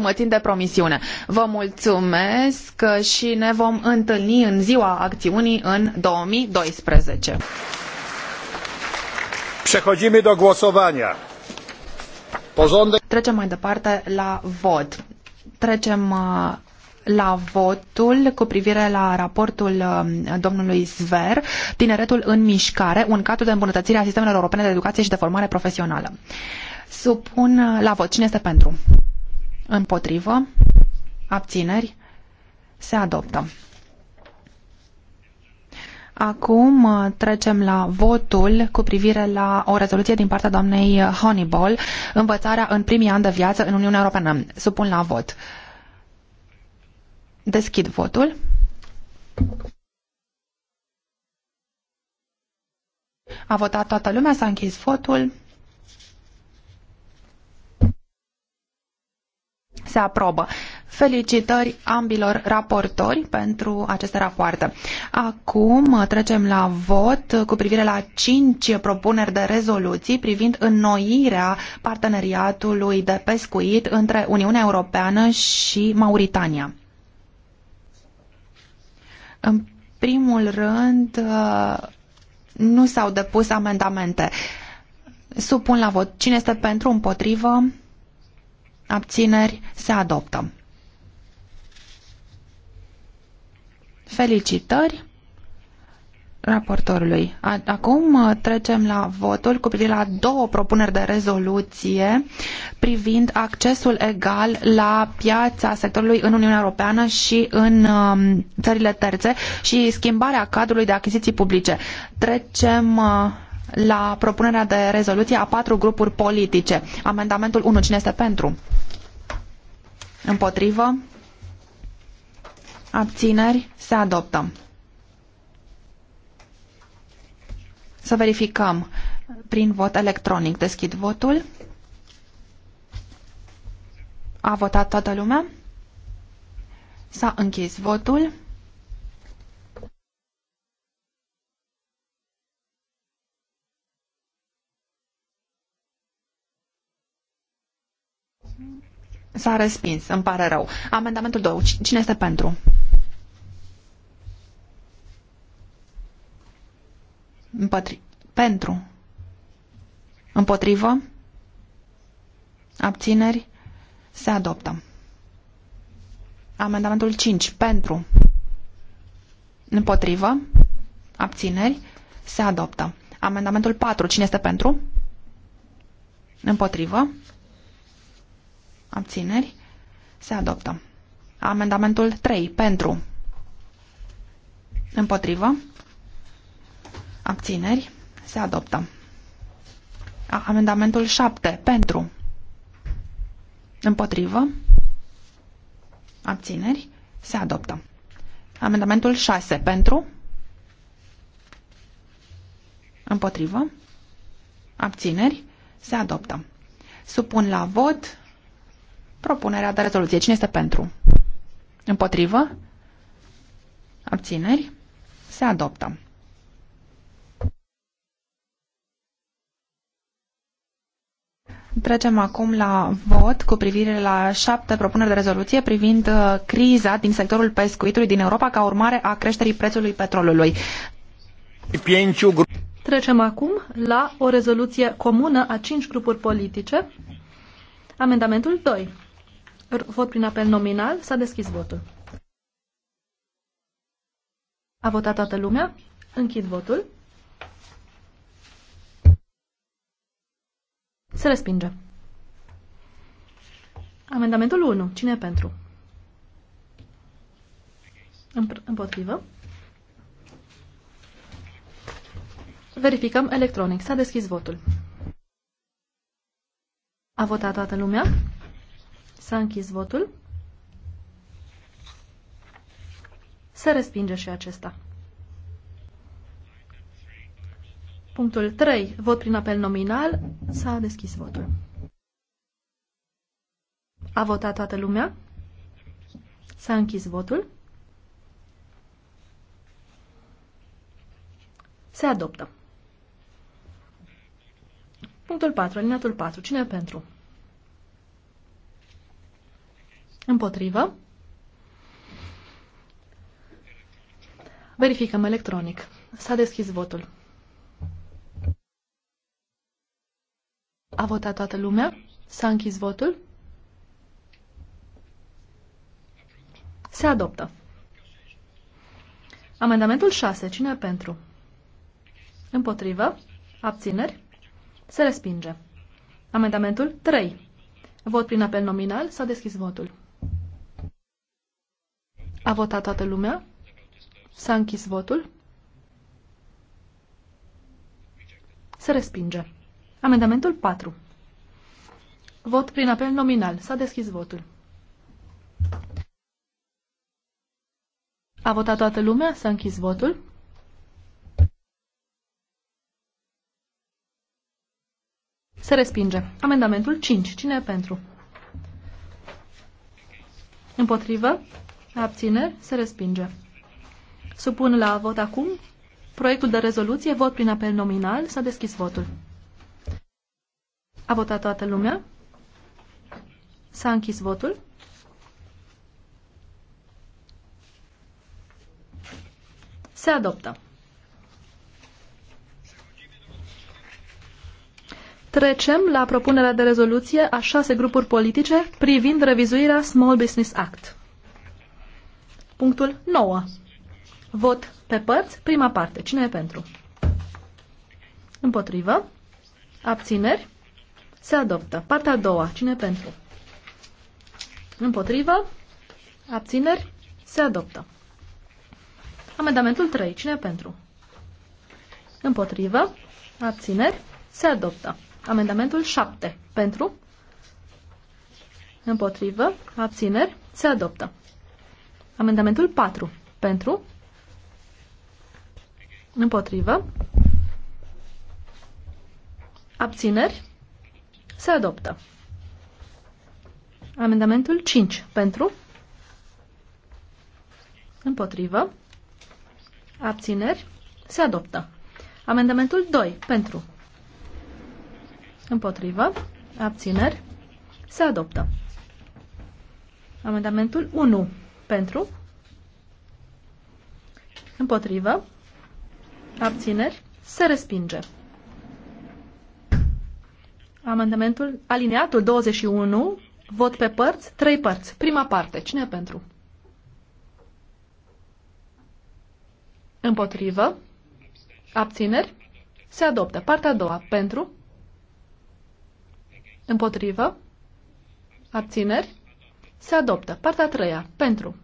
să mă țin de promisiune. Vă mulțumesc și ne vom întâlni în ziua acțiunii în 2012. Przechodzimy do głosowania. Porządek... Trecem mai departe la vot. Trecem uh, la votul cu privire la raportul um, domnului Zver, Tineretul în mișcare, un cadru de îmbunătățire a sistemelor europene de educație și de formare profesională. Supun uh, la vot. Cine este pentru? Împotrivă. Abțineri. Se adoptă. Acum uh, trecem la votul cu privire la o rezoluție din partea doamnei Honeyball, învățarea în primii ani de viață în Uniunea Europeană. Supun la vot. Deschid votul. A votat toată lumea, s-a închis votul. se aprobă. Felicitări ambilor raportori pentru aceste rapoarte. Acum uh, trecem la vot cu privire la cinci propuneri de rezoluții privind înnoirea parteneriatului de pescuit între Uniunea Europeană și Mauritania. În primul rând, uh, nu s-au depus amendamente. Supun la vot. Cine este pentru, împotrivă? abțineri, se adoptă. Felicitări raportorului. Acum uh, trecem la votul cu privire la două propuneri de rezoluție privind accesul egal la piața sectorului în Uniunea Europeană și în um, țările terțe și schimbarea cadrului de achiziții publice. Trecem uh, la propunerea de rezoluție a patru grupuri politice. Amendamentul 1, cine este pentru? Împotrivă? Abțineri? Se adoptă. Să verificăm prin vot electronic. Deschid votul. A votat toată lumea? S-a închis votul. S-a respins. Îmi pare rău. Amendamentul 2. Cine este pentru? Împătri... Pentru. Împotrivă? Abțineri? Se adoptă. Amendamentul 5. Pentru. Împotrivă? Abțineri? Se adoptă. Amendamentul 4. Cine este pentru? Împotrivă? Abțineri. Se adoptă. Amendamentul 3. Pentru. Împotrivă. Abțineri. Se adoptă. Amendamentul 7. Pentru. Împotrivă. Abțineri. Se adoptă. Amendamentul 6. Pentru. Împotrivă. Abțineri. Se adoptă. Supun la vot propunerea de rezoluție. Cine este pentru? Împotrivă? Abțineri? Se adoptă. Trecem acum la vot cu privire la șapte propuneri de rezoluție privind uh, criza din sectorul pescuitului din Europa ca urmare a creșterii prețului petrolului. Trecem acum la o rezoluție comună a cinci grupuri politice. Amendamentul 2. Vot prin apel nominal. S-a deschis votul. A votat toată lumea. Închid votul. Se respinge. Amendamentul 1. Cine e pentru? Împotrivă. Verificăm electronic. S-a deschis votul. A votat toată lumea. S-a închis votul. Se respinge și acesta. Punctul 3. Vot prin apel nominal. S-a deschis votul. A votat toată lumea. S-a închis votul. Se adoptă. Punctul 4. Alineatul 4. Cine pentru? Împotrivă. Verificăm electronic. S-a deschis votul. A votat toată lumea? S-a închis votul? Se adoptă. Amendamentul 6. Cine pentru? Împotrivă. Abțineri. Se respinge. Amendamentul 3. Vot prin apel nominal. S-a deschis votul. A votat toată lumea? S-a închis votul? Se respinge. Amendamentul 4. Vot prin apel nominal. S-a deschis votul. A votat toată lumea? S-a închis votul? Se respinge. Amendamentul 5. Cine e pentru? Împotrivă? Abțineri? Se respinge. Supun la vot acum proiectul de rezoluție, vot prin apel nominal, s-a deschis votul. A votat toată lumea? S-a închis votul? Se adoptă. Trecem la propunerea de rezoluție a șase grupuri politice privind revizuirea Small Business Act. Punctul 9. Vot pe părți, prima parte. Cine e pentru? Împotrivă. Abțineri. Se adoptă. Partea a doua. Cine e pentru? Împotrivă. Abțineri. Se adoptă. Amendamentul 3. Cine e pentru? Împotrivă. Abțineri. Se adoptă. Amendamentul 7. Pentru? Împotrivă. Abțineri. Se adoptă. Amendamentul 4. Pentru? Împotrivă? Abțineri? Se adoptă. Amendamentul 5. Pentru? Împotrivă? Abțineri? Se adoptă. Amendamentul 2. Pentru? Împotrivă? Abțineri? Se adoptă. Amendamentul 1. Pentru. Împotrivă. Abțineri. Se respinge. Amendamentul alineatul 21, vot pe părți, trei părți. Prima parte, cine pentru? Împotrivă. Abțineri. Se adoptă. Partea a doua, pentru? Împotrivă. Abțineri. Se adoptă. Partea a treia. Pentru.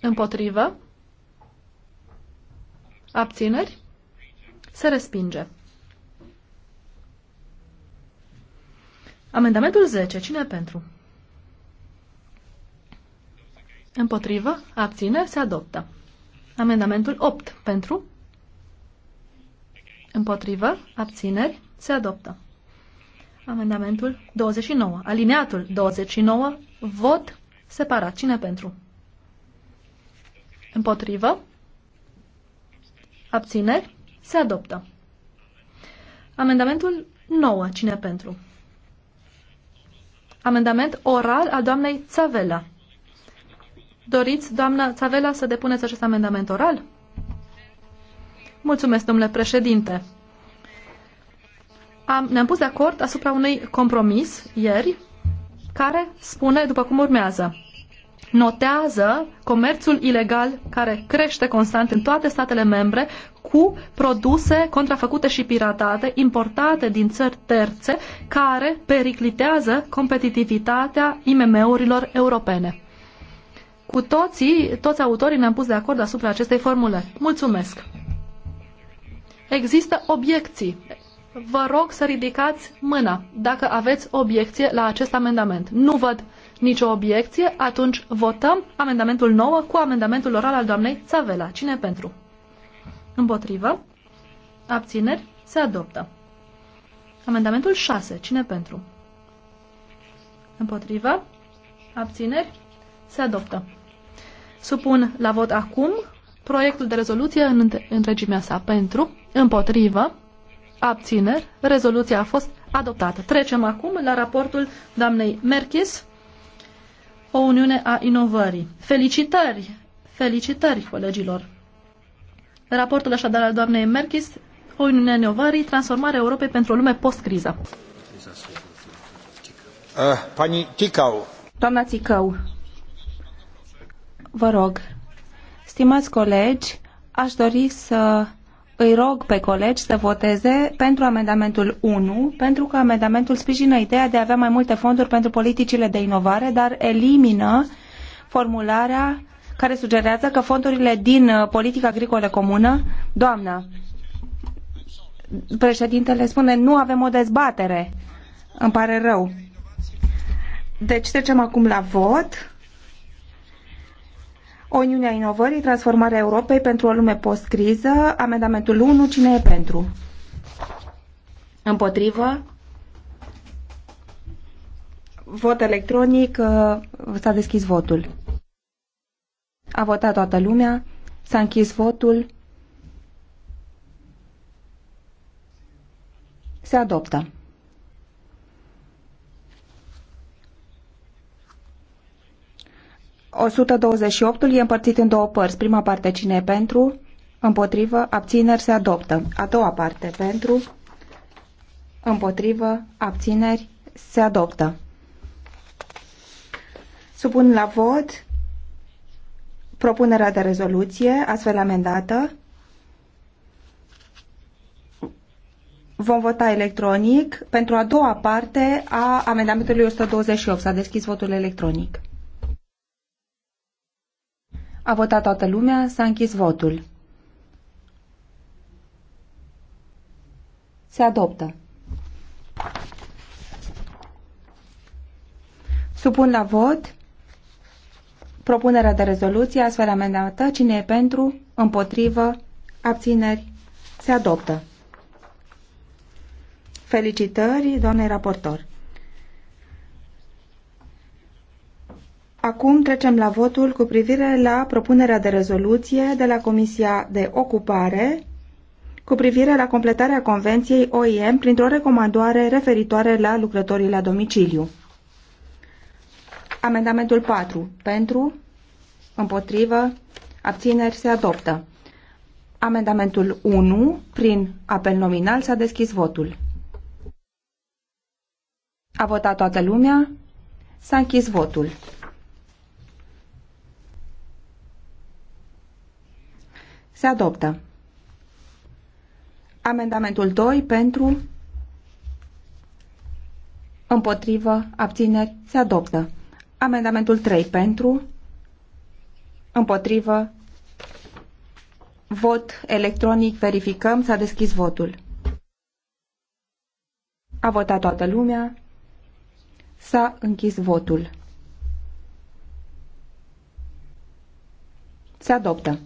Împotrivă. Abțineri. Se respinge. Amendamentul 10. Cine pentru? Împotrivă. Abține. Se adoptă. Amendamentul 8. Pentru. Împotrivă. Abțineri. Se adoptă. Amendamentul 29. Alineatul 29. Vot separat. Cine pentru? Împotrivă? Abțineri? Se adoptă. Amendamentul 9. Cine pentru? Amendament oral al doamnei Țavela. Doriți, doamna Țavela, să depuneți acest amendament oral? Mulțumesc, domnule președinte am, ne-am pus de acord asupra unui compromis ieri care spune după cum urmează. Notează comerțul ilegal care crește constant în toate statele membre cu produse contrafăcute și piratate importate din țări terțe care periclitează competitivitatea IMM-urilor europene. Cu toții, toți autorii ne-am pus de acord asupra acestei formule. Mulțumesc! Există obiecții vă rog să ridicați mâna dacă aveți obiecție la acest amendament. Nu văd nicio obiecție, atunci votăm amendamentul 9 cu amendamentul oral al doamnei Țavela. Cine pentru? Împotrivă? Abțineri? Se adoptă. Amendamentul 6. Cine pentru? Împotrivă? Abțineri? Se adoptă. Supun la vot acum proiectul de rezoluție în întregimea sa pentru, împotrivă, abțineri, rezoluția a fost adoptată. Trecem acum la raportul doamnei Merkis, o Uniune a Inovării. Felicitări! Felicitări, colegilor! Raportul așadar al doamnei Merkis, o Uniune a Inovării, transformarea Europei pentru o lume post-criză. Eh, pani Ticau. Doamna Țicău, vă rog, stimați colegi, aș dori să îi rog pe colegi să voteze pentru amendamentul 1, pentru că amendamentul sprijină ideea de a avea mai multe fonduri pentru politicile de inovare, dar elimină formularea care sugerează că fondurile din uh, politica agricolă comună, doamnă, președintele spune, nu avem o dezbatere. Îmi pare rău. Deci trecem acum la vot. O Uniune a Inovării, transformarea Europei pentru o lume post-criză, amendamentul 1, cine e pentru? Împotrivă? Vot electronic, uh, s-a deschis votul. A votat toată lumea, s-a închis votul. Se adoptă. 128-ul e împărțit în două părți. Prima parte cine e pentru, împotrivă, abțineri se adoptă. A doua parte pentru, împotrivă, abțineri se adoptă. Supun la vot propunerea de rezoluție astfel amendată. Vom vota electronic pentru a doua parte a amendamentului 128. S-a deschis votul electronic. A votat toată lumea, s-a închis votul. Se adoptă. Supun la vot propunerea de rezoluție astfel amendată. Cine e pentru, împotrivă, abțineri, se adoptă. Felicitări, doamnei raportor. Acum trecem la votul cu privire la propunerea de rezoluție de la Comisia de Ocupare cu privire la completarea Convenției OIM printr-o recomandare referitoare la lucrătorii la domiciliu. Amendamentul 4. Pentru, împotrivă, abțineri se adoptă. Amendamentul 1. Prin apel nominal s-a deschis votul. A votat toată lumea. S-a închis votul. Se adoptă. Amendamentul 2 pentru împotrivă abțineri se adoptă. Amendamentul 3 pentru împotrivă vot electronic verificăm s-a deschis votul. A votat toată lumea. S-a închis votul. Se adoptă.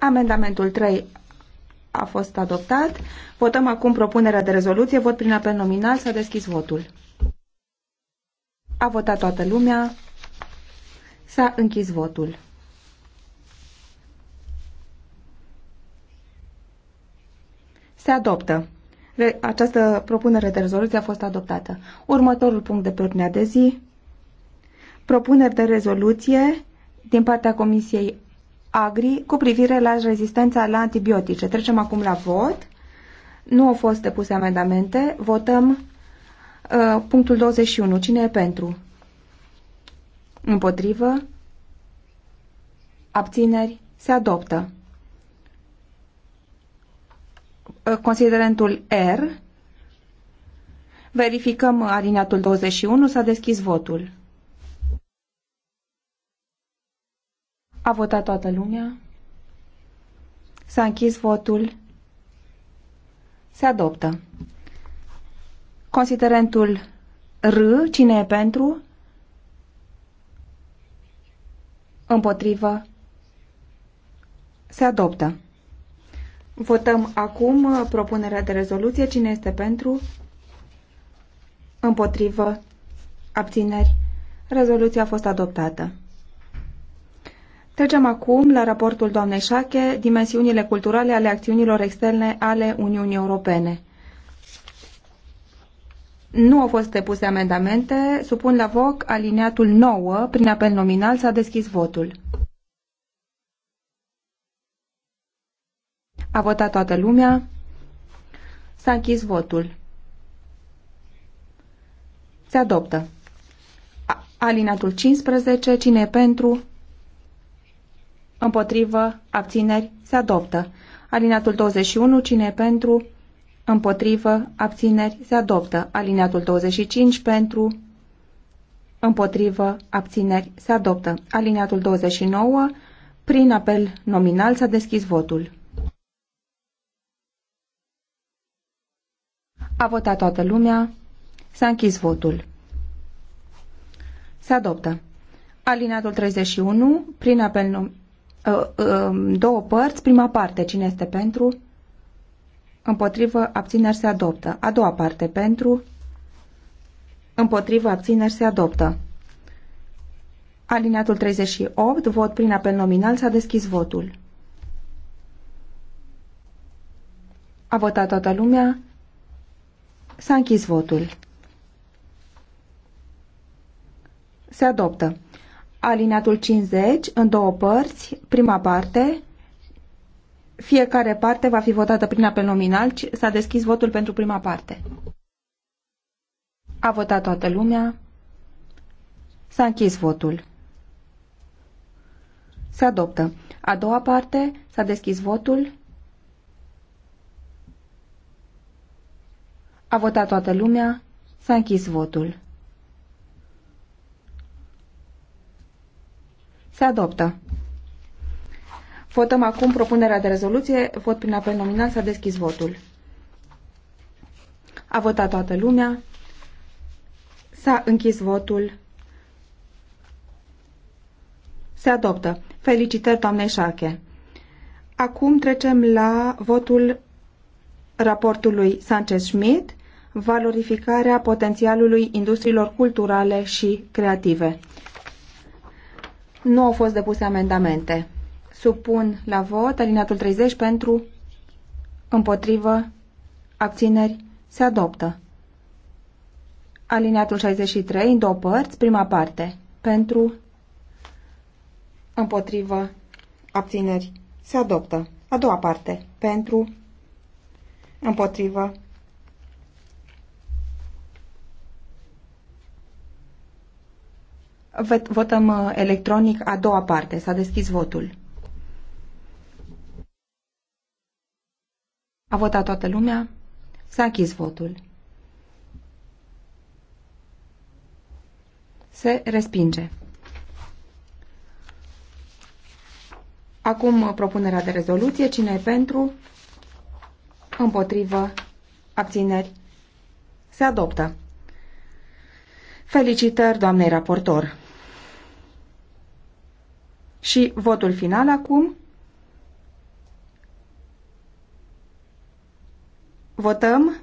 Amendamentul 3 a fost adoptat. Votăm acum propunerea de rezoluție. Vot prin apel nominal. S-a deschis votul. A votat toată lumea. S-a închis votul. Se adoptă. Re această propunere de rezoluție a fost adoptată. Următorul punct de pe ordinea de zi. Propuneri de rezoluție din partea Comisiei Agri cu privire la rezistența la antibiotice. Trecem acum la vot. Nu au fost depuse amendamente. Votăm uh, punctul 21. Cine e pentru? Împotrivă? Abțineri? Se adoptă. Uh, considerentul R. Verificăm alineatul 21. S-a deschis votul. A votat toată lumea. S-a închis votul. Se adoptă. Considerentul R, cine e pentru? Împotrivă. Se adoptă. Votăm acum uh, propunerea de rezoluție. Cine este pentru? Împotrivă. Abțineri. Rezoluția a fost adoptată. Trecem acum la raportul doamnei Șache, dimensiunile culturale ale acțiunilor externe ale Uniunii Europene. Nu au fost depuse amendamente. Supun la voc aliniatul 9. Prin apel nominal s-a deschis votul. A votat toată lumea. S-a închis votul. Se adoptă. Alinatul 15. Cine e pentru? împotrivă, abțineri, se adoptă. Alineatul 21, cine pentru, împotrivă, abțineri, se adoptă. Alineatul 25, pentru, împotrivă, abțineri, se adoptă. Alineatul 29, prin apel nominal s-a deschis votul. A votat toată lumea, s-a închis votul. Se adoptă. Alineatul 31, prin apel nominal Uh, um, două părți. Prima parte, cine este pentru? Împotrivă, abțineri se adoptă. A doua parte, pentru? Împotrivă, abțineri se adoptă. Alineatul 38, vot prin apel nominal, s-a deschis votul. A votat toată lumea. S-a închis votul. Se adoptă alineatul 50 în două părți, prima parte, fiecare parte va fi votată prin apel nominal, s-a deschis votul pentru prima parte. A votat toată lumea, s-a închis votul. Se adoptă. A doua parte, s-a deschis votul, a votat toată lumea, s-a închis votul. Se adoptă. Votăm acum propunerea de rezoluție. Vot prin apel nominal. S-a deschis votul. A votat toată lumea. S-a închis votul. Se adoptă. Felicitări, doamne Șache. Acum trecem la votul raportului Sanchez-Schmidt, valorificarea potențialului industriilor culturale și creative. Nu au fost depuse amendamente. Supun la vot alineatul 30 pentru, împotrivă, abțineri, se adoptă. Alineatul 63 în două părți, prima parte, pentru, împotrivă, abțineri, se adoptă. A doua parte, pentru, împotrivă, Votăm uh, electronic a doua parte. S-a deschis votul. A votat toată lumea? S-a închis votul. Se respinge. Acum uh, propunerea de rezoluție. Cine e pentru? Împotrivă? Abțineri? Se adoptă. Felicitări, doamnei raportor! Și votul final acum. Votăm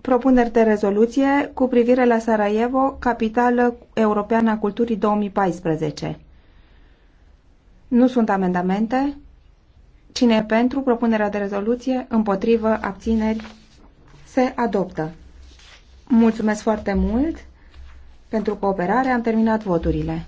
propuneri de rezoluție cu privire la Sarajevo, capitală europeană a culturii 2014. Nu sunt amendamente. Cine e pentru propunerea de rezoluție, împotrivă, abțineri, se adoptă. Mulțumesc foarte mult pentru cooperare. Am terminat voturile.